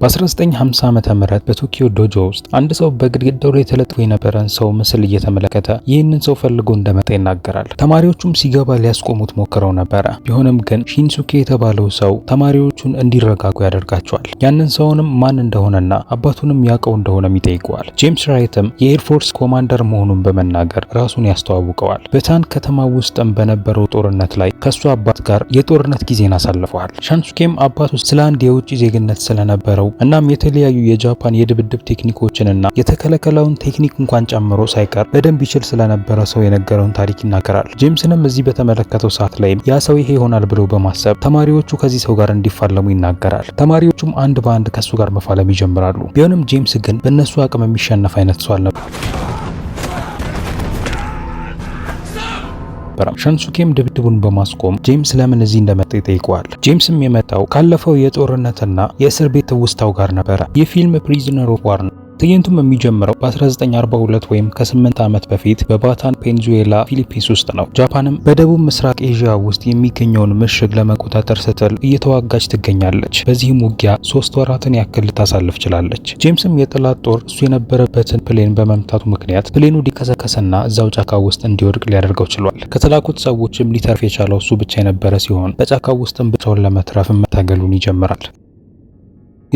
በ1950 ዓ ም በቶኪዮ ዶጆ ውስጥ አንድ ሰው በግድግዳው ላይ ተለጥፎ የነበረን ሰው ምስል እየተመለከተ ይህንን ሰው ፈልጎ እንደመጣ ይናገራል። ተማሪዎቹም ሲገባ ሊያስቆሙት ሞክረው ነበረ። ቢሆንም ግን ሺንሱኬ የተባለው ሰው ተማሪዎቹን እንዲረጋጉ ያደርጋቸዋል። ያንን ሰውንም ማን እንደሆነና አባቱንም ያውቀው እንደሆነም ይጠይቀዋል። ጄምስ ራይትም የኤርፎርስ ኮማንደር መሆኑን በመናገር ራሱን ያስተዋውቀዋል። በታን ከተማ ውስጥም በነበረው ጦርነት ላይ ከሱ አባት ጋር የጦርነት ጊዜን አሳልፈዋል። ሻንሱኬም አባቱ ስለ አንድ የውጭ ዜግነት ስለነበረው ነው። እናም የተለያዩ የጃፓን የድብድብ ቴክኒኮችንና የተከለከለውን ቴክኒክ እንኳን ጨምሮ ሳይቀር በደንብ ይችል ስለነበረ ሰው የነገረውን ታሪክ ይናገራል። ጄምስንም እዚህ በተመለከተው ሰዓት ላይም ያ ሰው ይሄ ይሆናል ብሎ በማሰብ ተማሪዎቹ ከዚህ ሰው ጋር እንዲፋለሙ ይናገራል። ተማሪዎቹም አንድ በአንድ ከሱ ጋር መፋለም ይጀምራሉ። ቢሆንም ጄምስ ግን በእነሱ አቅም የሚሸነፍ አይነት ሰው አልነበር። አልነበረም። ሸንሱኬም ድብድቡን በማስቆም ጄምስ ለምን እዚህ እንደመጣ ይጠይቀዋል። ጄምስም የመጣው ካለፈው የጦርነትና የእስር ቤት ትውስታው ጋር ነበረ። የፊልም ፕሪዝነር ኦፍ ዋር ነው። ትዕይንቱም የሚጀምረው በ1942 ወይም ከ8 ዓመት በፊት በባታን ፔንዙዌላ ፊሊፒንስ ውስጥ ነው። ጃፓንም በደቡብ ምስራቅ ኤዥያ ውስጥ የሚገኘውን ምሽግ ለመቆጣጠር ስትል እየተዋጋች ትገኛለች። በዚህም ውጊያ ሶስት ወራትን ያክል ልታሳልፍ ችላለች። ጄምስም የጠላት ጦር እሱ የነበረበትን ፕሌን በመምታቱ ምክንያት ፕሌኑ ሊከሰከስና እዛው ጫካ ውስጥ እንዲወድቅ ሊያደርገው ችሏል። ከተላኩት ሰዎችም ሊተርፍ የቻለው እሱ ብቻ የነበረ ሲሆን በጫካ ውስጥም ብቻውን ለመትረፍ መታገሉን ይጀምራል።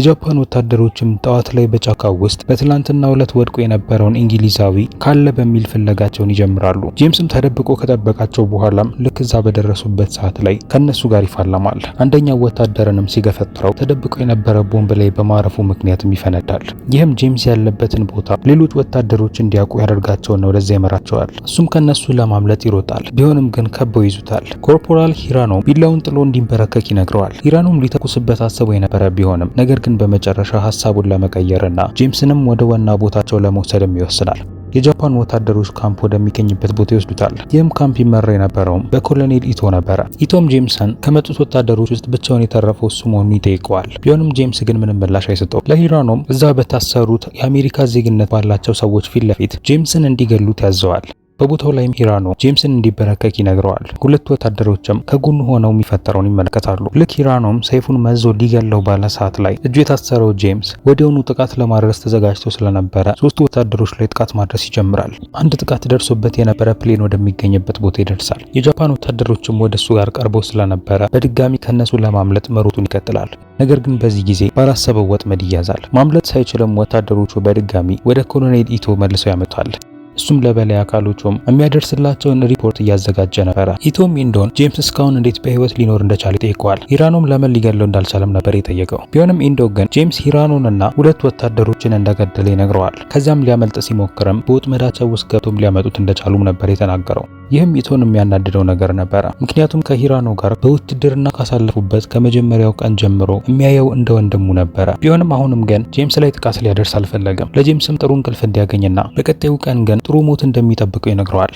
የጃፓን ወታደሮችም ጠዋት ላይ በጫካ ውስጥ በትላንትና ዕለት ወድቆ የነበረውን እንግሊዛዊ ካለ በሚል ፍለጋቸውን ይጀምራሉ። ጄምስም ተደብቆ ከጠበቃቸው በኋላም ልክ እዛ በደረሱበት ሰዓት ላይ ከነሱ ጋር ይፋለማል። አንደኛው ወታደርንም ሲገፈጥረው ተደብቆ የነበረ ቦምብ ላይ በማረፉ ምክንያትም ይፈነዳል። ይህም ጄምስ ያለበትን ቦታ ሌሎች ወታደሮች እንዲያውቁ ያደርጋቸውና ወደዛ ይመራቸዋል። እሱም ከነሱ ለማምለጥ ይሮጣል። ቢሆንም ግን ከበው ይዙታል። ኮርፖራል ሂራኖ ቢላውን ጥሎ እንዲንበረከክ ይነግረዋል። ሂራኖም ሊተኩስበት አስበው የነበረ ቢሆንም ነገር ግን ግን በመጨረሻ ሀሳቡን ለመቀየርና ጄምስንም ወደ ዋና ቦታቸው ለመውሰድም ይወስናል። የጃፓን ወታደሮች ካምፕ ወደሚገኝበት ቦታ ይወስዱታል። ይህም ካምፕ ይመራ የነበረውም በኮሎኔል ኢቶ ነበረ። ኢቶም ጄምሰን ከመጡት ወታደሮች ውስጥ ብቻውን የተረፈው እሱ መሆኑን ይጠይቀዋል። ቢሆንም ጄምስ ግን ምንም ምላሽ አይሰጠው ለሂራኖም እዛ በታሰሩት የአሜሪካ ዜግነት ባላቸው ሰዎች ፊት ለፊት ጄምስን እንዲገሉት ያዘዋል። በቦታው ላይም ሂራኖ ጄምስን እንዲበረከክ ይነግረዋል። ሁለቱ ወታደሮችም ከጎኑ ሆነው የሚፈጠረውን ይመለከታሉ። ልክ ሂራኖም ሰይፉን መዞ ሊገለው ባለ ሰዓት ላይ እጁ የታሰረው ጄምስ ወዲያውኑ ጥቃት ለማድረስ ተዘጋጅቶ ስለነበረ ሶስቱ ወታደሮች ላይ ጥቃት ማድረስ ይጀምራል። አንድ ጥቃት ደርሶበት የነበረ ፕሌን ወደሚገኝበት ቦታ ይደርሳል። የጃፓን ወታደሮችም ወደ እሱ ጋር ቀርቦ ስለነበረ በድጋሚ ከነሱ ለማምለጥ መሮጡን ይቀጥላል። ነገር ግን በዚህ ጊዜ ባላሰበው ወጥመድ ይያዛል። ማምለጥ ሳይችልም ወታደሮቹ በድጋሚ ወደ ኮሎኔል ኢቶ መልሰው ያመጣል። እሱም ለበላይ አካሎቹም የሚያደርስላቸውን ሪፖርት እያዘጋጀ ነበረ። ኢትዮ ኢንዶን ጄምስ እስካሁን እንዴት በህይወት ሊኖር እንደቻለ ይጠይቀዋል። ሂራኖም ለምን ሊገለው እንዳልቻለም ነበር የጠየቀው። ቢሆንም ኢንዶ ግን ጄምስ ሂራኖንና ሁለት ወታደሮችን እንደገደለ ይነግረዋል። ከዚያም ሊያመልጥ ሲሞክርም በወጥመዳቸው ውስጥ ገብቶም ሊያመጡት እንደቻሉም ነበር የተናገረው። ይህም ኢቶን የሚያናድደው ነገር ነበረ። ምክንያቱም ከሂራኖ ጋር በውትድርና ካሳለፉበት ከመጀመሪያው ቀን ጀምሮ የሚያየው እንደ ወንድሙ ነበረ። ቢሆንም አሁንም ግን ጄምስ ላይ ጥቃት ሊያደርስ አልፈለገም። ለጄምስም ጥሩ እንቅልፍ እንዲያገኝና በቀጣዩ ቀን ግን ጥሩ ሞት እንደሚጠብቀው ይነግረዋል።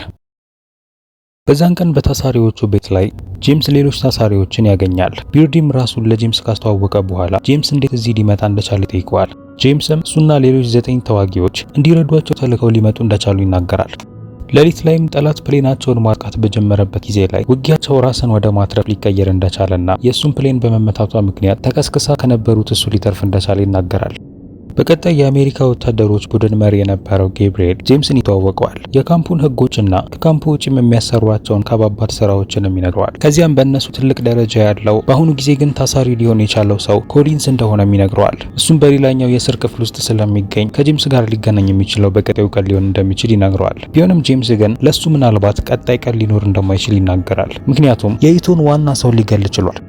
በዛን ቀን በታሳሪዎቹ ቤት ላይ ጄምስ ሌሎች ታሳሪዎችን ያገኛል። ቢርዲም ራሱን ለጄምስ ካስተዋወቀ በኋላ ጄምስ እንዴት እዚህ ሊመጣ እንደቻለ ይጠይቀዋል። ጄምስም እሱና ሌሎች ዘጠኝ ተዋጊዎች እንዲረዷቸው ተልከው ሊመጡ እንደቻሉ ይናገራል። ሌሊት ላይም ጠላት ፕሌናቸውን ማጥቃት በጀመረበት ጊዜ ላይ ውጊያቸው ራስን ወደ ማትረፍ ሊቀየር እንደቻለና የእሱን ፕሌን በመመታቷ ምክንያት ተከስክሳ ከነበሩት እሱ ሊተርፍ እንደቻለ ይናገራል። በቀጣይ የአሜሪካ ወታደሮች ቡድን መሪ የነበረው ጌብርኤል ጄምስን ይተዋወቀዋል። የካምፑን ህጎችና ከካምፑ ውጭም የሚያሰሯቸውን ከባባድ ስራዎችንም ይነግረዋል። ከዚያም በእነሱ ትልቅ ደረጃ ያለው በአሁኑ ጊዜ ግን ታሳሪ ሊሆን የቻለው ሰው ኮሊንስ እንደሆነም ይነግረዋል። እሱም በሌላኛው የእስር ክፍል ውስጥ ስለሚገኝ ከጄምስ ጋር ሊገናኝ የሚችለው በቀጣዩ ቀን ሊሆን እንደሚችል ይነግረዋል። ቢሆንም ጄምስ ግን ለሱ ምናልባት ቀጣይ ቀን ሊኖር እንደማይችል ይናገራል። ምክንያቱም የኢቶን ዋና ሰው ሊገል ችሏል።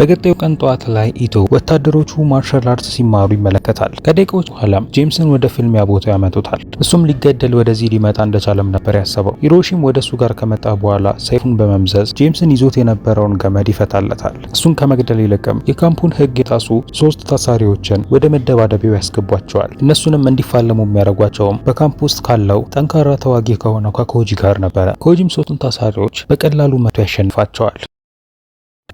በቀጣዩ ቀን ጠዋት ላይ ኢቶ ወታደሮቹ ማርሻል አርት ሲማሩ ይመለከታል። ከደቂቃዎች በኋላም ጄምስን ወደ ፍልሚያ ቦታው ያመጡታል። እሱም ሊገደል ወደዚህ ሊመጣ እንደቻለም ነበር ያሰበው። ሂሮሺም ወደ እሱ ጋር ከመጣ በኋላ ሰይፉን በመምዘዝ ጄምስን ይዞት የነበረውን ገመድ ይፈታለታል። እሱን ከመግደል ይልቅም የካምፑን ህግ የጣሱ ሶስት ታሳሪዎችን ወደ መደባደቢያው ያስገቧቸዋል። እነሱንም እንዲፋለሙ የሚያደርጓቸውም በካምፕ ውስጥ ካለው ጠንካራ ተዋጊ ከሆነው ከኮጂ ጋር ነበረ። ኮጂም ሶስቱን ታሳሪዎች በቀላሉ መቶ ያሸንፋቸዋል።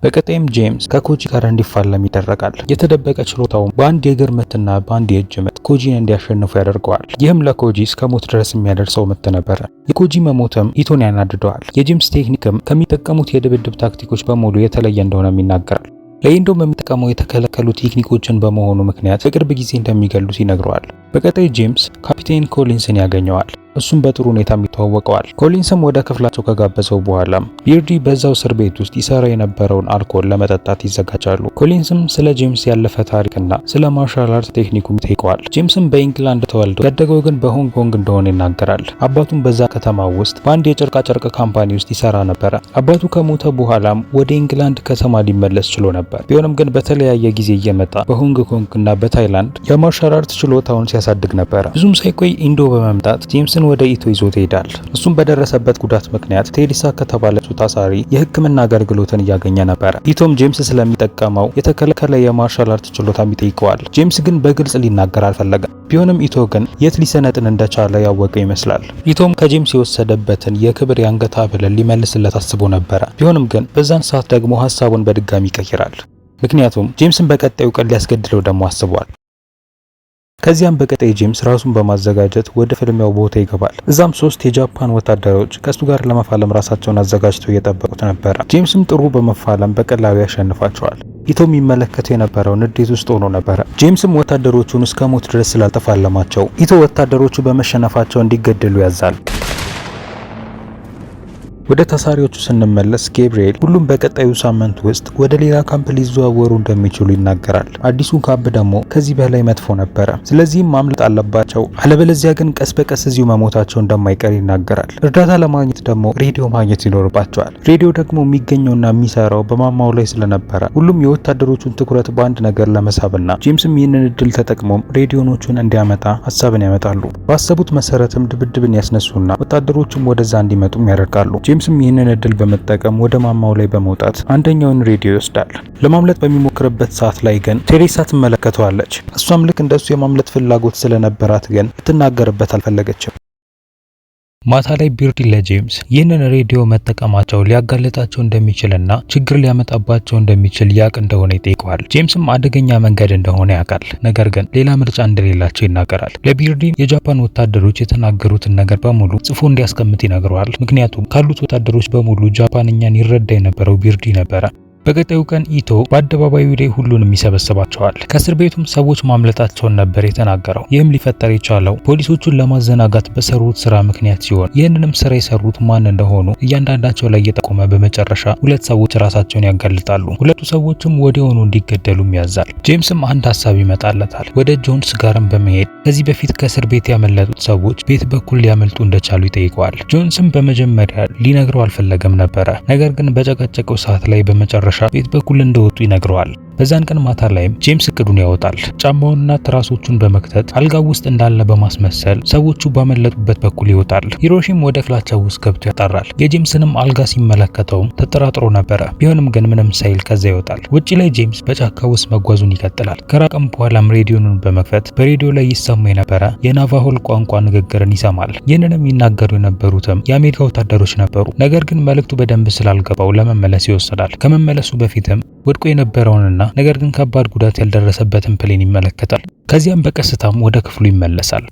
በቀጣይም ጄምስ ከኮጂ ጋር እንዲፋለም ይደረጋል። የተደበቀ ችሎታውም በአንድ የእግር ምትና በአንድ የእጅ ምት ኮጂን እንዲያሸንፉ ያደርገዋል። ይህም ለኮጂ እስከ ሞት ድረስ የሚያደርሰው ምት ነበረ። የኮጂ መሞትም ኢቶን ያናድደዋል። የጄምስ ቴክኒክም ከሚጠቀሙት የድብድብ ታክቲኮች በሙሉ የተለየ እንደሆነም ይናገራል። ለኢንዶም የሚጠቀመው የተከለከሉ ቴክኒኮችን በመሆኑ ምክንያት በቅርብ ጊዜ እንደሚገሉት ይነግረዋል። በቀጣይ ጄምስ ካፒቴን ኮሊንስን ያገኘዋል። እሱም በጥሩ ሁኔታ ይተዋወቀዋል። ኮሊንስም ወደ ክፍላቸው ከጋበዘው በኋላ ቢርዲ በዛው እስር ቤት ውስጥ ይሰራ የነበረውን አልኮል ለመጠጣት ይዘጋጃሉ። ኮሊንስም ስለ ጄምስ ያለፈ ታሪክና ስለ ማርሻል አርት ቴክኒኩም ይጠይቀዋል። ጄምስም በኢንግላንድ ተወልዶ ያደገው ግን በሆንግ ኮንግ እንደሆነ ይናገራል። አባቱም በዛ ከተማ ውስጥ በአንድ የጨርቃጨርቅ ካምፓኒ ውስጥ ይሰራ ነበረ። አባቱ ከሞተ በኋላም ወደ ኢንግላንድ ከተማ ሊመለስ ችሎ ነበር። ቢሆንም ግን በተለያየ ጊዜ እየመጣ በሆንግ ኮንግ እና በታይላንድ የማርሻል አርት ችሎታውን ሲያሳድግ ነበረ። ብዙም ሳይቆይ ኢንዶ በመምጣት ጄምስን ቴዲሳን ወደ ኢቶ ይዞት ይሄዳል። እሱም በደረሰበት ጉዳት ምክንያት ቴዲሳ ከተባለችው ታሳሪ የህክምና አገልግሎትን እያገኘ ነበረ። ኢቶም ጄምስ ስለሚጠቀመው የተከለከለ የማርሻል አርት ችሎታም ይጠይቀዋል። ጄምስ ግን በግልጽ ሊናገር አልፈለገም። ቢሆንም ኢቶ ግን የት ሊሰነጥን እንደቻለ ያወቀ ይመስላል። ኢቶም ከጄምስ የወሰደበትን የክብር የአንገት ሐብልን ሊመልስለት አስቦ ነበረ። ቢሆንም ግን በዛን ሰዓት ደግሞ ሀሳቡን በድጋሚ ይቀይራል። ምክንያቱም ጄምስን በቀጣዩ ቀን ሊያስገድለው ደግሞ አስቧል። ከዚያም በቀጣይ ጄምስ ራሱን በማዘጋጀት ወደ ፍልሚያው ቦታ ይገባል። እዛም ሶስት የጃፓን ወታደሮች ከእሱ ጋር ለመፋለም ራሳቸውን አዘጋጅተው እየጠበቁት ነበረ። ጄምስም ጥሩ በመፋለም በቀላሉ ያሸንፋቸዋል። ኢቶ የሚመለከተው የነበረው ንዴት ውስጥ ሆኖ ነበረ። ጄምስም ወታደሮቹን እስከ ሞት ድረስ ስላልተፋለማቸው ኢቶ ወታደሮቹ በመሸነፋቸው እንዲገደሉ ያዛል። ወደ ታሳሪዎቹ ስንመለስ ጌብርኤል ሁሉም በቀጣዩ ሳምንት ውስጥ ወደ ሌላ ካምፕ ሊዘዋወሩ እንደሚችሉ ይናገራል። አዲሱ ካምፕ ደግሞ ከዚህ በላይ መጥፎ ነበረ፣ ስለዚህም ማምለጥ አለባቸው፣ አለበለዚያ ግን ቀስ በቀስ እዚሁ መሞታቸው እንደማይቀር ይናገራል። እርዳታ ለማግኘት ደግሞ ሬዲዮ ማግኘት ይኖርባቸዋል። ሬዲዮ ደግሞ የሚገኘውና የሚሰራው በማማው ላይ ስለነበረ ሁሉም የወታደሮቹን ትኩረት በአንድ ነገር ለመሳብና ጄምስም ይህንን እድል ተጠቅሞም ሬዲዮኖቹን እንዲያመጣ ሀሳብን ያመጣሉ። ባሰቡት መሰረትም ድብድብን ያስነሱና ወታደሮቹም ወደዛ እንዲመጡም ያደርጋሉ። ጄምስም ይህንን እድል በመጠቀም ወደ ማማው ላይ በመውጣት አንደኛውን ሬዲዮ ይወስዳል። ለማምለጥ በሚሞክርበት ሰዓት ላይ ግን ቴሬሳ ትመለከተዋለች። እሷም ልክ እንደሱ የማምለጥ ፍላጎት ስለነበራት ግን ልትናገርበት አልፈለገችም። ማታ ላይ ቢርዲ ለጄምስ ይህንን ሬዲዮ መጠቀማቸው ሊያጋለጣቸው እንደሚችልና ችግር ሊያመጣባቸው እንደሚችል ያቅ እንደሆነ ይጠይቀዋል። ጄምስም አደገኛ መንገድ እንደሆነ ያውቃል፣ ነገር ግን ሌላ ምርጫ እንደሌላቸው ይናገራል። ለቢርዲ የጃፓን ወታደሮች የተናገሩትን ነገር በሙሉ ጽፎ እንዲያስቀምጥ ይነግረዋል። ምክንያቱም ካሉት ወታደሮች በሙሉ ጃፓንኛን ይረዳ የነበረው ቢርዲ ነበረ። በቀጣዩ ቀን ኢቶ በአደባባዩ ላይ ሁሉንም ይሰበስባቸዋል። ከእስር ቤቱም ሰዎች ማምለጣቸውን ነበር የተናገረው። ይህም ሊፈጠር የቻለው ፖሊሶቹን ለማዘናጋት በሰሩት ስራ ምክንያት ሲሆን ይህንንም ስራ የሰሩት ማን እንደሆኑ እያንዳንዳቸው ላይ እየጠቆመ በመጨረሻ ሁለት ሰዎች ራሳቸውን ያጋልጣሉ። ሁለቱ ሰዎችም ወዲያውኑ እንዲገደሉም ያዛል። ጄምስም አንድ ሀሳብ ይመጣለታል። ወደ ጆንስ ጋርም በመሄድ ከዚህ በፊት ከእስር ቤት ያመለጡት ሰዎች ቤት በኩል ሊያመልጡ እንደቻሉ ይጠይቀዋል። ጆንስም በመጀመሪያ ሊነግረው አልፈለገም ነበረ። ነገር ግን በጨቀጨቀው ሰዓት ላይ በመጨረሻ መጨረሻ ቤት በኩል እንደወጡ ይነግረዋል። በዛን ቀን ማታ ላይም ጄምስ እቅዱን ያወጣል። ጫማውንና ትራሶቹን በመክተት አልጋው ውስጥ እንዳለ በማስመሰል ሰዎቹ ባመለጡበት በኩል ይወጣል። ሂሮሺም ወደ ፍላቻው ውስጥ ገብቶ ያጣራል። የጄምስንም አልጋ ሲመለከተውም ተጠራጥሮ ነበረ። ቢሆንም ግን ምንም ሳይል ከዛ ይወጣል። ውጪ ላይ ጄምስ በጫካ ውስጥ መጓዙን ይቀጥላል። ከራቀም በኋላም ሬዲዮኑን በመክፈት በሬዲዮ ላይ ይሰማ የነበረ የናቫሆል ቋንቋ ንግግርን ይሰማል። ይህንንም ይናገሩ የነበሩትም የአሜሪካ ወታደሮች ነበሩ። ነገር ግን መልእክቱ በደንብ ስላልገባው ለመመለስ ይወሰዳል። ከመመለሱ በፊትም ወድቆ የነበረውንና ነገር ግን ከባድ ጉዳት ያልደረሰበትን ፕሌን ይመለከታል። ከዚያም በቀስታም ወደ ክፍሉ ይመለሳል።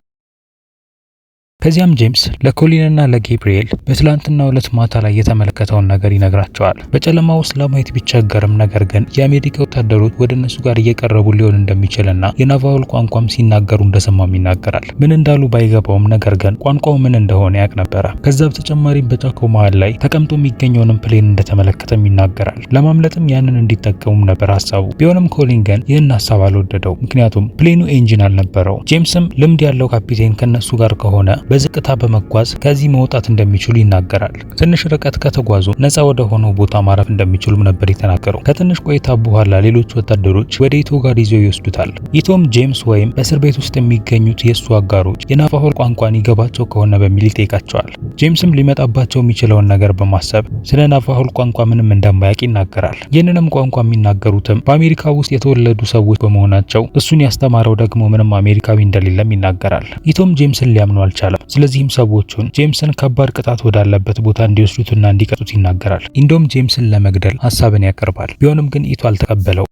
ከዚያም ጄምስ ለኮሊንና ለጌብርኤል በትላንትና ዕለት ማታ ላይ የተመለከተውን ነገር ይነግራቸዋል። በጨለማ ውስጥ ለማየት ቢቸገርም ነገር ግን የአሜሪካ ወታደሮች ወደ እነሱ ጋር እየቀረቡ ሊሆን እንደሚችልና የናቫል ቋንቋም ሲናገሩ እንደሰማም ይናገራል። ምን እንዳሉ ባይገባውም ነገር ግን ቋንቋው ምን እንደሆነ ያቅ ነበረ። ከዛ በተጨማሪም በጫካው መሃል ላይ ተቀምጦ የሚገኘውንም ፕሌን እንደተመለከተም ይናገራል። ለማምለጥም ያንን እንዲጠቀሙም ነበር ሀሳቡ። ቢሆንም ኮሊን ግን ይህን ሀሳብ አልወደደው፣ ምክንያቱም ፕሌኑ ኤንጂን አልነበረው። ጄምስም ልምድ ያለው ካፒቴን ከነሱ ጋር ከሆነ በዝቅታ በመጓዝ ከዚህ መውጣት እንደሚችሉ ይናገራል። ትንሽ ርቀት ከተጓዙ ነፃ ወደ ሆነው ቦታ ማረፍ እንደሚችሉም ነበር የተናገረው። ከትንሽ ቆይታ በኋላ ሌሎች ወታደሮች ወደ ኢቶ ጋር ይዘው ይወስዱታል። ኢቶም ጄምስ ወይም በእስር ቤት ውስጥ የሚገኙት የእሱ አጋሮች የናፋሆል ቋንቋን ይገባቸው ከሆነ በሚል ይጠይቃቸዋል። ጄምስም ሊመጣባቸው የሚችለውን ነገር በማሰብ ስለ ናፋሆል ቋንቋ ምንም እንደማያውቅ ይናገራል። ይህንንም ቋንቋ የሚናገሩትም በአሜሪካ ውስጥ የተወለዱ ሰዎች በመሆናቸው እሱን ያስተማረው ደግሞ ምንም አሜሪካዊ እንደሌለም ይናገራል። ኢቶም ጄምስን ሊያምኑ አልቻለም። ስለዚህም ሰዎቹን ጄምስን ከባድ ቅጣት ወዳለበት ቦታ እንዲወስዱትና እንዲቀጡት ይናገራል። ኢንዶም ጄምስን ለመግደል ሀሳብን ያቀርባል። ቢሆንም ግን ኢቱ አልተቀበለው።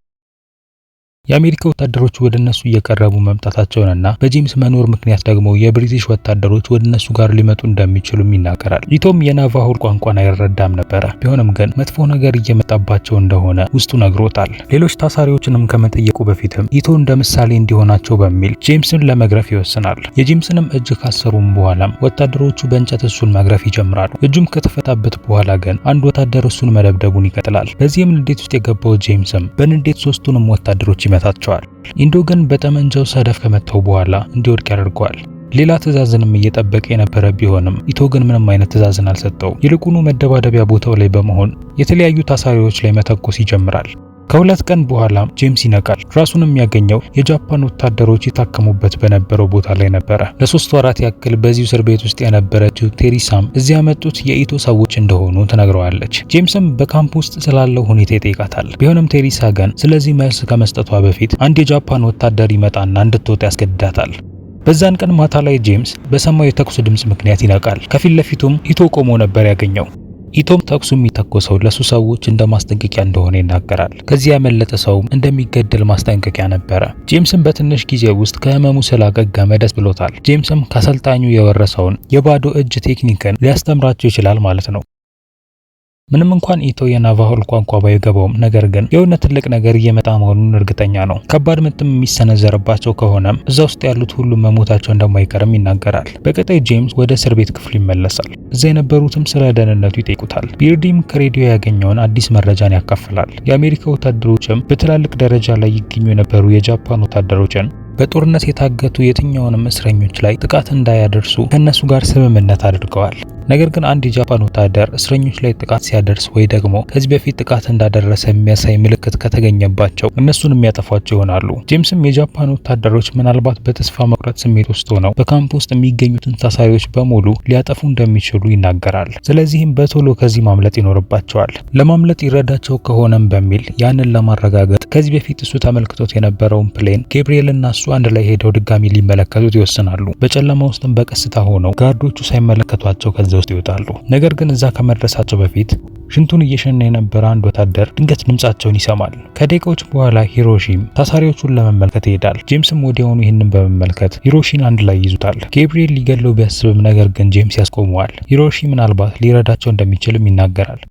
የአሜሪካ ወታደሮች ወደ እነሱ እየቀረቡ መምጣታቸውንና በጄምስ መኖር ምክንያት ደግሞ የብሪቲሽ ወታደሮች ወደ እነሱ ጋር ሊመጡ እንደሚችሉም ይናገራል። ይቶም የናቫሆል ቋንቋን አይረዳም ነበረ። ቢሆንም ግን መጥፎ ነገር እየመጣባቸው እንደሆነ ውስጡ ነግሮታል። ሌሎች ታሳሪዎችንም ከመጠየቁ በፊትም ኢቶ እንደ ምሳሌ እንዲሆናቸው በሚል ጄምስን ለመግረፍ ይወስናል። የጄምስንም እጅ ካሰሩም በኋላም ወታደሮቹ በእንጨት እሱን መግረፍ ይጀምራሉ። እጁም ከተፈታበት በኋላ ግን አንድ ወታደር እሱን መደብደቡን ይቀጥላል። በዚህም ንዴት ውስጥ የገባው ጄምስም በንዴት ሶስቱንም ወታደሮች ይመታቸዋል። ኢንዶ ግን በጠመንጃው ሰደፍ ከመታው በኋላ እንዲወድቅ ያደርገዋል። ሌላ ትዕዛዝንም እየጠበቀ የነበረ ቢሆንም ኢቶ ግን ምንም አይነት ትዕዛዝን አልሰጠው። ይልቁኑ መደባደቢያ ቦታው ላይ በመሆን የተለያዩ ታሳሪዎች ላይ መተኮስ ይጀምራል። ከሁለት ቀን በኋላ ጄምስ ይነቃል። ራሱን የሚያገኘው የጃፓን ወታደሮች የታከሙበት በነበረው ቦታ ላይ ነበረ። ለሶስት ወራት ያክል በዚህ እስር ቤት ውስጥ የነበረችው ቴሪሳም እዚህ ያመጡት የኢቶ ሰዎች እንደሆኑ ትነግረዋለች። ጄምስም በካምፕ ውስጥ ስላለው ሁኔታ ይጠይቃታል። ቢሆንም ቴሪሳ ግን ስለዚህ መልስ ከመስጠቷ በፊት አንድ የጃፓን ወታደር ይመጣና እንድትወጣ ያስገድዳታል። በዛን ቀን ማታ ላይ ጄምስ በሰማው የተኩስ ድምፅ ምክንያት ይነቃል። ከፊት ለፊቱም ኢቶ ቆሞ ነበር ያገኘው። ኢቶም ተኩሱ የሚተኮሰው ለሱ ሰዎች እንደ ማስጠንቀቂያ እንደሆነ ይናገራል። ከዚያ ያመለጠ ሰውም እንደሚገደል ማስጠንቀቂያ ነበረ። ጄምስም በትንሽ ጊዜ ውስጥ ከህመሙ ስላገገመ ደስ ብሎታል። ጄምስም ከአሰልጣኙ የወረሰውን የባዶ እጅ ቴክኒክን ሊያስተምራቸው ይችላል ማለት ነው። ምንም እንኳን ኢቶ የናቫሆል ቋንቋ ባይገባውም ነገር ግን የሆነ ትልቅ ነገር እየመጣ መሆኑን እርግጠኛ ነው። ከባድ ምትም የሚሰነዘርባቸው ከሆነም እዛ ውስጥ ያሉት ሁሉም መሞታቸው እንደማይቀርም ይናገራል። በቀጣይ ጄምስ ወደ እስር ቤት ክፍሉ ይመለሳል። እዛ የነበሩትም ስለ ደህንነቱ ይጠይቁታል። ቢርዲም ከሬዲዮ ያገኘውን አዲስ መረጃን ያካፍላል። የአሜሪካ ወታደሮችም በትላልቅ ደረጃ ላይ ይገኙ የነበሩ የጃፓን ወታደሮችን በጦርነት የታገቱ የትኛውንም እስረኞች ላይ ጥቃት እንዳያደርሱ ከእነሱ ጋር ስምምነት አድርገዋል። ነገር ግን አንድ የጃፓን ወታደር እስረኞች ላይ ጥቃት ሲያደርስ ወይ ደግሞ ከዚህ በፊት ጥቃት እንዳደረሰ የሚያሳይ ምልክት ከተገኘባቸው እነሱን የሚያጠፏቸው ይሆናሉ። ጄምስም የጃፓን ወታደሮች ምናልባት በተስፋ መቁረጥ ስሜት ውስጥ ሆነው በካምፕ ውስጥ የሚገኙትን ታሳሪዎች በሙሉ ሊያጠፉ እንደሚችሉ ይናገራል። ስለዚህም በቶሎ ከዚህ ማምለጥ ይኖርባቸዋል። ለማምለጥ ይረዳቸው ከሆነም በሚል ያንን ለማረጋገጥ ከዚህ በፊት እሱ ተመልክቶት የነበረውን ፕሌን ጌብርኤል እና እሱ አንድ ላይ ሄደው ድጋሚ ሊመለከቱት ይወስናሉ። በጨለማ ውስጥም በቀስታ ሆነው ጋርዶቹ ሳይመለከቷቸው ከዚ ከዛ ውስጥ ይወጣሉ። ነገር ግን እዛ ከመድረሳቸው በፊት ሽንቱን እየሸና የነበረ አንድ ወታደር ድንገት ድምጻቸውን ይሰማል። ከደቂቃዎች በኋላ ሂሮሺም ታሳሪዎቹን ለመመልከት ይሄዳል። ጄምስም ወዲያውኑ ይህንን በመመልከት ሂሮሺን አንድ ላይ ይዙታል። ጌብሪኤል ሊገለው ቢያስብም ነገር ግን ጄምስ ያስቆመዋል። ሂሮሺ ምናልባት ሊረዳቸው እንደሚችልም ይናገራል።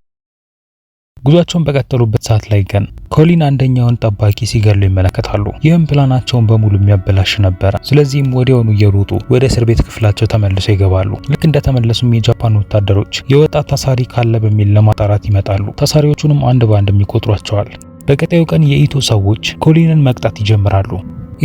ጉዟቸውን በቀጠሉበት ሰዓት ላይ ግን ኮሊን አንደኛውን ጠባቂ ሲገሉ ይመለከታሉ። ይህም ፕላናቸውን በሙሉ የሚያበላሽ ነበረ። ስለዚህም ወዲያውኑ እየሮጡ ወደ እስር ቤት ክፍላቸው ተመልሰው ይገባሉ። ልክ እንደተመለሱም የጃፓን ወታደሮች የወጣት ታሳሪ ካለ በሚል ለማጣራት ይመጣሉ። ታሳሪዎቹንም አንድ በአንድ ይቆጥሯቸዋል። በቀጣዩ ቀን የኢቶ ሰዎች ኮሊንን መቅጣት ይጀምራሉ።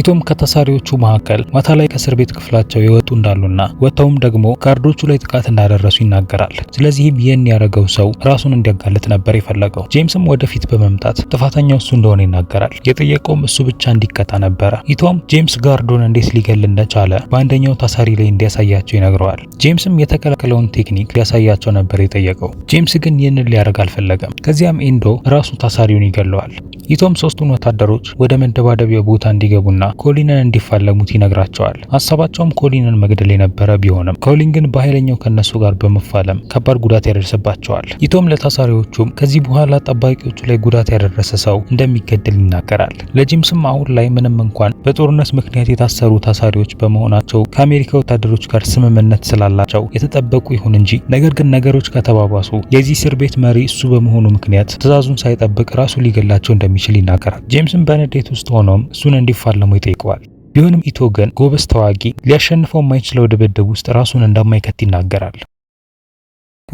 ኢቶም ከታሳሪዎቹ መካከል ማታ ላይ ከእስር ቤት ክፍላቸው የወጡ እንዳሉና ወጥተውም ደግሞ ጋርዶቹ ላይ ጥቃት እንዳደረሱ ይናገራል። ስለዚህም ይህን ያደረገው ሰው ራሱን እንዲያጋልጥ ነበር የፈለገው። ጄምስም ወደፊት በመምጣት ጥፋተኛው እሱ እንደሆነ ይናገራል። የጠየቀውም እሱ ብቻ እንዲቀጣ ነበረ። ኢቶም ጄምስ ጋርዶን እንዴት ሊገል እንደቻለ በአንደኛው ታሳሪ ላይ እንዲያሳያቸው ይነግረዋል። ጄምስም የተከለከለውን ቴክኒክ ሊያሳያቸው ነበር የጠየቀው። ጄምስ ግን ይህንን ሊያደርግ አልፈለገም። ከዚያም ኤንዶ ራሱ ታሳሪውን ይገለዋል። ኢቶም ሶስቱን ወታደሮች ወደ መደባደቢያ ቦታ እንዲገቡና ኮሊንን እንዲፋለሙት ይነግራቸዋል። ሀሳባቸውም ኮሊንን መግደል የነበረ ቢሆንም ኮሊን ግን በኃይለኛው ከነሱ ጋር በመፋለም ከባድ ጉዳት ያደርስባቸዋል። ኢቶም ለታሳሪዎቹም ከዚህ በኋላ ጠባቂዎቹ ላይ ጉዳት ያደረሰ ሰው እንደሚገደል ይናገራል። ለጂምስም አሁን ላይ ምንም እንኳን በጦርነት ምክንያት የታሰሩ ታሳሪዎች በመሆናቸው ከአሜሪካ ወታደሮች ጋር ስምምነት ስላላቸው የተጠበቁ ይሁን እንጂ ነገር ግን ነገሮች ከተባባሱ የዚህ እስር ቤት መሪ እሱ በመሆኑ ምክንያት ትዕዛዙን ሳይጠብቅ ራሱ ሊገላቸው እንደሚ እንደሚችል ይናገራል። ጄምስም በንዴት ውስጥ ሆኖም እሱን እንዲፋለሙ ይጠይቀዋል። ቢሆንም ኢቶ ግን ጎበዝ ተዋጊ ሊያሸንፈው የማይችለው ድብድብ ውስጥ ራሱን እንደማይከት ይናገራል።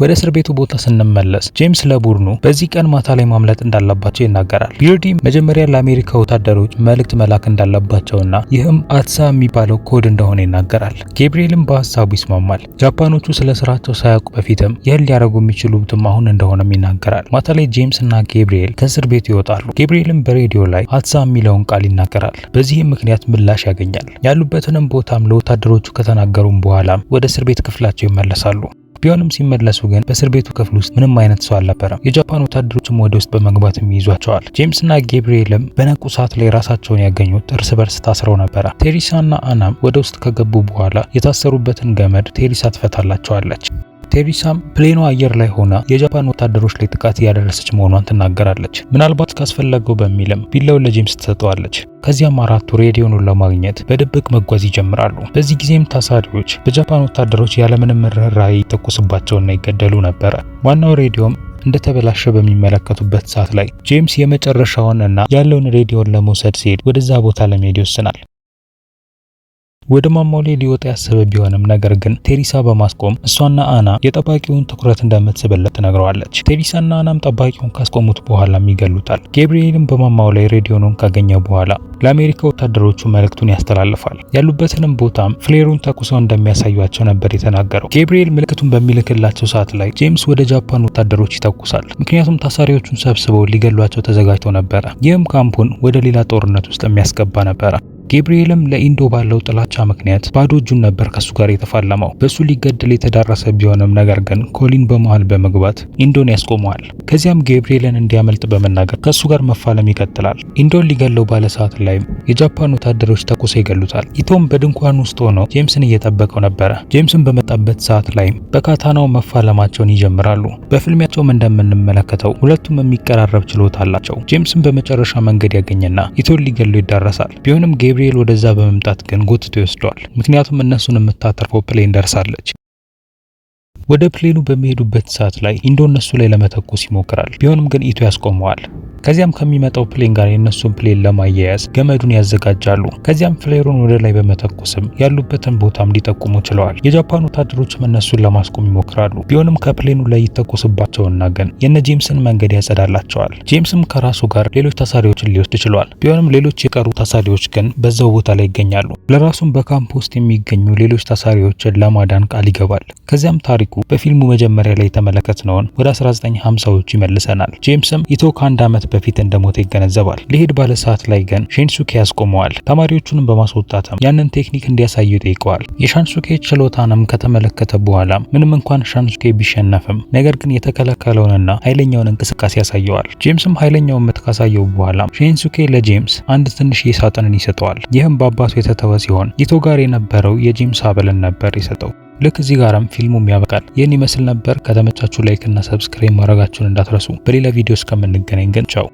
ወደ እስር ቤቱ ቦታ ስንመለስ ጄምስ ለቡድኑ በዚህ ቀን ማታ ላይ ማምለጥ እንዳለባቸው ይናገራል። ቢርዲ መጀመሪያ ለአሜሪካ ወታደሮች መልእክት መላክ እንዳለባቸውና ይህም አትሳ የሚባለው ኮድ እንደሆነ ይናገራል። ጌብርኤልም በሀሳቡ ይስማማል። ጃፓኖቹ ስለ ስራቸው ሳያውቁ በፊትም ይህን ሊያደርጉ የሚችሉትም አሁን እንደሆነም ይናገራል። ማታ ላይ ጄምስ እና ጌብርኤል ከእስር ቤቱ ይወጣሉ። ጌብርኤልም በሬዲዮ ላይ አትሳ የሚለውን ቃል ይናገራል። በዚህም ምክንያት ምላሽ ያገኛል። ያሉበትንም ቦታም ለወታደሮቹ ከተናገሩም በኋላም ወደ እስር ቤት ክፍላቸው ይመለሳሉ። ቢሆንም ሲመለሱ ግን በእስር ቤቱ ክፍል ውስጥ ምንም አይነት ሰው አልነበረም። የጃፓን ወታደሮችም ወደ ውስጥ በመግባትም ይዟቸዋል። ጄምስና ጌብሪኤልም በነቁ ሰዓት ላይ ራሳቸውን ያገኙት እርስ በርስ ታስረው ነበረ። ቴሪሳና አናም ወደ ውስጥ ከገቡ በኋላ የታሰሩበትን ገመድ ቴሪሳ ትፈታላቸዋለች። ቴሪሳም ፕሌኗ አየር ላይ ሆና የጃፓን ወታደሮች ላይ ጥቃት እያደረሰች መሆኗን ትናገራለች። ምናልባት ካስፈለገው በሚልም ቢላው ለጄምስ ትሰጠዋለች። ከዚያም አራቱ ሬዲዮን ለማግኘት በድብቅ መጓዝ ይጀምራሉ። በዚህ ጊዜም ታሳሪዎች በጃፓን ወታደሮች ያለምንም ርኅራኄ ይተኩስባቸውና ይገደሉ ነበረ። ዋናው ሬዲዮም እንደተበላሸ በሚመለከቱበት ሰዓት ላይ ጄምስ የመጨረሻውን እና ያለውን ሬዲዮን ለመውሰድ ሲሄድ ወደዛ ቦታ ለመሄድ ይወስናል። ወደ ማማው ላይ ሊወጣ ያሰበ ቢሆንም ነገር ግን ቴሪሳ በማስቆም እሷና አና የጠባቂውን ትኩረት እንደምትስብለት ትነግረዋለች። ቴሪሳና አናም ጠባቂውን ካስቆሙት በኋላም ይገሉታል። ጌብርኤልም በማማው ላይ ሬዲዮኑን ካገኘ በኋላ ለአሜሪካ ወታደሮቹ መልእክቱን ያስተላልፋል። ያሉበትንም ቦታም ፍሌሩን ተኩሰው እንደሚያሳዩቸው ነበር የተናገረው። ጌብርኤል ምልክቱን በሚልክላቸው ሰዓት ላይ ጄምስ ወደ ጃፓን ወታደሮች ይተኩሳል። ምክንያቱም ታሳሪዎቹን ሰብስበው ሊገሏቸው ተዘጋጅተው ነበረ። ይህም ካምፑን ወደ ሌላ ጦርነት ውስጥ የሚያስገባ ነበረ። ጌብርኤልም ለኢንዶ ባለው ጥላቻ ምክንያት ባዶ እጁን ነበር ከሱ ጋር የተፋለመው። በሱ ሊገደል የተዳረሰ ቢሆንም ነገር ግን ኮሊን በመሃል በመግባት ኢንዶን ያስቆመዋል። ከዚያም ጌብርኤልን እንዲያመልጥ በመናገር ከሱ ጋር መፋለም ይቀጥላል። ኢንዶን ሊገለው ባለ ሰዓት ላይም የጃፓን ወታደሮች ተኩሰው ይገሉታል። ኢቶም በድንኳን ውስጥ ሆኖ ጄምስን እየጠበቀው ነበረ። ጄምስን በመጣበት ሰዓት ላይም በካታናው መፋለማቸውን ይጀምራሉ። በፍልሚያቸውም እንደምንመለከተው ሁለቱም የሚቀራረብ ችሎታ አላቸው። ጄምስን በመጨረሻ መንገድ ያገኘና ኢቶን ሊገለው ይዳረሳል። ቢሆንም ጌብርኤል ገብርኤል ወደዛ በመምጣት ግን ጎትቶ ይወስደዋል። ምክንያቱም እነሱን የምታተርፈው ፕሌን ደርሳለች። ወደ ፕሌኑ በሚሄዱበት ሰዓት ላይ ኢንዶ እነሱ ላይ ለመተኮስ ይሞክራል። ቢሆንም ግን ኢቱ ያስቆመዋል። ከዚያም ከሚመጣው ፕሌን ጋር የእነሱን ፕሌን ለማያያዝ ገመዱን ያዘጋጃሉ። ከዚያም ፍሌሩን ወደ ላይ በመተኮስም ያሉበትን ቦታም ሊጠቁሙ ችለዋል። የጃፓን ወታደሮችም እነሱን ለማስቆም ይሞክራሉ። ቢሆንም ከፕሌኑ ላይ ይተኮስባቸውና ግን የነ ጄምስን መንገድ ያጸዳላቸዋል። ጄምስም ከራሱ ጋር ሌሎች ታሳሪዎችን ሊወስድ ችሏል። ቢሆንም ሌሎች የቀሩ ታሳሪዎች ግን በዛው ቦታ ላይ ይገኛሉ። ለራሱም በካምፕ ውስጥ የሚገኙ ሌሎች ታሳሪዎችን ለማዳን ቃል ይገባል። ከዚያም ታሪኩ በፊልሙ መጀመሪያ ላይ የተመለከትነውን ወደ 1950ዎቹ ይመልሰናል። ጄምስም ኢትዮ ከአንድ ዓመት በፊት እንደሞተ ይገነዘባል። ሊሄድ ባለ ሰዓት ላይ ግን ሼንሱኬ ያስቆመዋል። ተማሪዎቹንም በማስወጣትም ያንን ቴክኒክ እንዲያሳዩ ጠይቀዋል። የሻንሱኬ ችሎታንም ከተመለከተ በኋላ ምንም እንኳን ሻንሱኬ ቢሸነፍም ነገር ግን የተከለከለውንና ኃይለኛውን እንቅስቃሴ ያሳየዋል። ጄምስም ኃይለኛውን ምት ካሳየው በኋላ ሼንሱኬ ለጄምስ አንድ ትንሽ ሳጥንን ይሰጠዋል። ይህም በአባቱ የተተወ ሲሆን ኢቶ ጋር የነበረው የጄምስ አበልን ነበር የሰጠው። ልክ እዚህ ጋርም ፊልሙም ያበቃል። ይህን ይመስል ነበር። ከተመቻችሁ ላይክ እና ሰብስክራይብ ማድረጋችሁን እንዳትረሱ። በሌላ ቪዲዮ እስከምንገናኝ ግን ቻው።